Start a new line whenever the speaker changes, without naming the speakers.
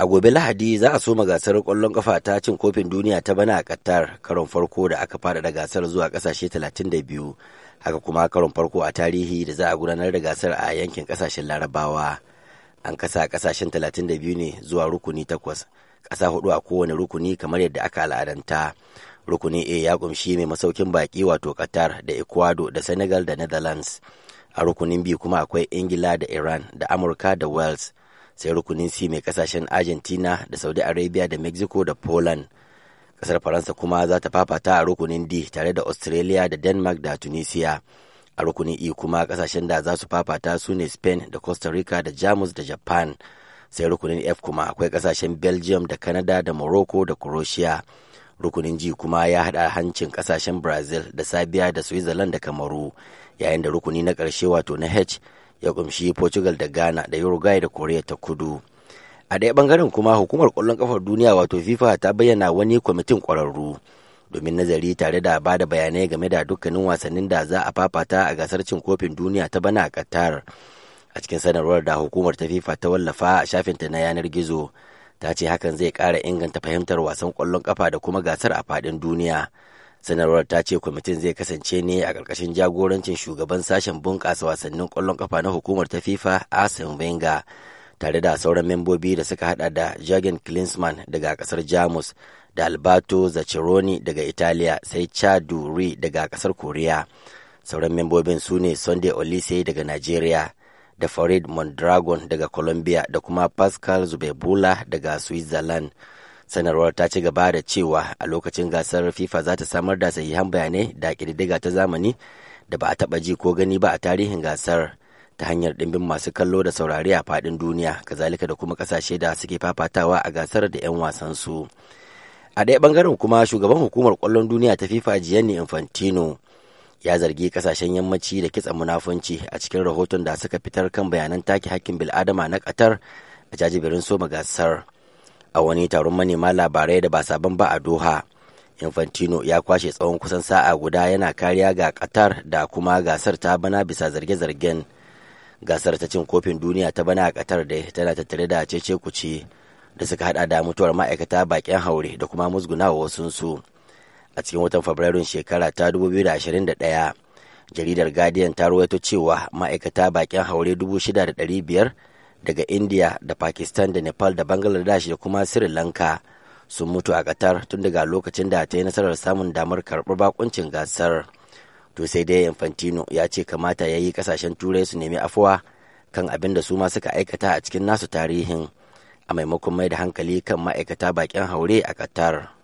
A gobe Lahadi za a soma gasar kwallon ƙafa ta cin kofin duniya ta bana a Qatar karon farko da aka da gasar zuwa ƙasashe 32 haka kuma karon farko a tarihi da za a gudanar da gasar a yankin ƙasashen Larabawa. An kasa ƙasashen 32 ne zuwa rukuni takwas, ƙasa hudu a kowane rukuni kamar yadda aka al'adanta. Rukuni A ya ƙumshi mai masaukin baƙi wato Qatar da Ecuador da Senegal da Netherlands. A rukunin B kuma akwai Ingila da Iran da Amurka da Wales. sai rukunin C mai kasashen Argentina da Saudi Arabia da Mexico da Poland. Kasar Faransa kuma za ta fafata a rukunin D tare da Australia da Denmark da Tunisia. A rukunin E kuma kasashen da za su fafata su ne Spain da Costa Rica da Jamus da Japan. Sai rukunin F kuma akwai kasashen Belgium da Canada da Morocco da Croatia. rukunin g kuma ya haɗa hancin kasashen brazil da sabi'a da switzerland da kamaru yayin da rukuni na ƙarshe wato na h ya kumshi portugal da ghana da uruguay da korea ta kudu a ɗaya ɓangaren kuma hukumar ƙwallon ƙafar duniya wato fifa ta bayyana wani kwamitin ƙwararru domin nazari tare da ba da bayanai game da dukkanin wasannin da za a fafata a gasar cin kofin duniya ta bana a qatar a cikin sanarwar da hukumar ta fifa ta wallafa a shafinta na yanar gizo ta ce hakan zai ƙara inganta fahimtar wasan ƙwallon ƙafa da kuma gasar a faɗin duniya sanarwar ta ce kwamitin zai kasance ne a ƙarƙashin jagorancin shugaban sashen bunƙasa wasannin ƙwallon ƙafa na hukumar ta fifa arsene wenger tare da sauran membobi da suka hada da jagen klinsmann daga ƙasar jamus da alberto zaccheroni daga italiya sai chadu ri daga ƙasar koriya sauran membobin su ne sunday olise daga nigeria da farid mondragon daga colombia da kuma pascal zubebula daga switzerland sanarwar ta ci gaba da cewa a lokacin gasar fifa za ta samar da sahihan bayanai da ƙididdiga ta zamani da ba a taɓa ji ko gani ba a tarihin gasar ta hanyar ɗimbin masu kallo da saurari a faɗin duniya kazalika da kuma ƙasashe da suke fafatawa a gasar da 'yan wasan su a ɗaya ɓangaren kuma shugaban hukumar ƙwallon duniya ta fifa gianni infantino ya zargi ƙasashen yammaci da kitsa munafunci a cikin rahoton da suka fitar kan bayanan take hakkin bil'adama na ƙatar a jajibirin soma gasar a wani taron manema labarai da ba sabon ba a doha infantino ya kwashe tsawon kusan sa'a guda yana kariya ga qatar da kuma gasar ta bana bisa zarge-zargen gasar ta cin kofin duniya ta bana a qatar da tana tattare da cece kuce da suka hada da mutuwar ma'aikata bakin haure da kuma musgunawa su a cikin watan fabrairun shekara ta 2021 jaridar guardian ta ruwaito cewa ma'aikata bakin haure 6,500 daga india da pakistan da nepal da bangladesh da kuma sri lanka sun mutu a qatar tun daga lokacin da ta yi nasarar samun damar karɓar bakuncin gasar to sai dai infantino ya ce kamata ya yi kasashen turai su nemi afuwa kan abin da su ma suka aikata a cikin nasu tarihin a maimakon mai da hankali kan ma'aikata bakin haure a qatar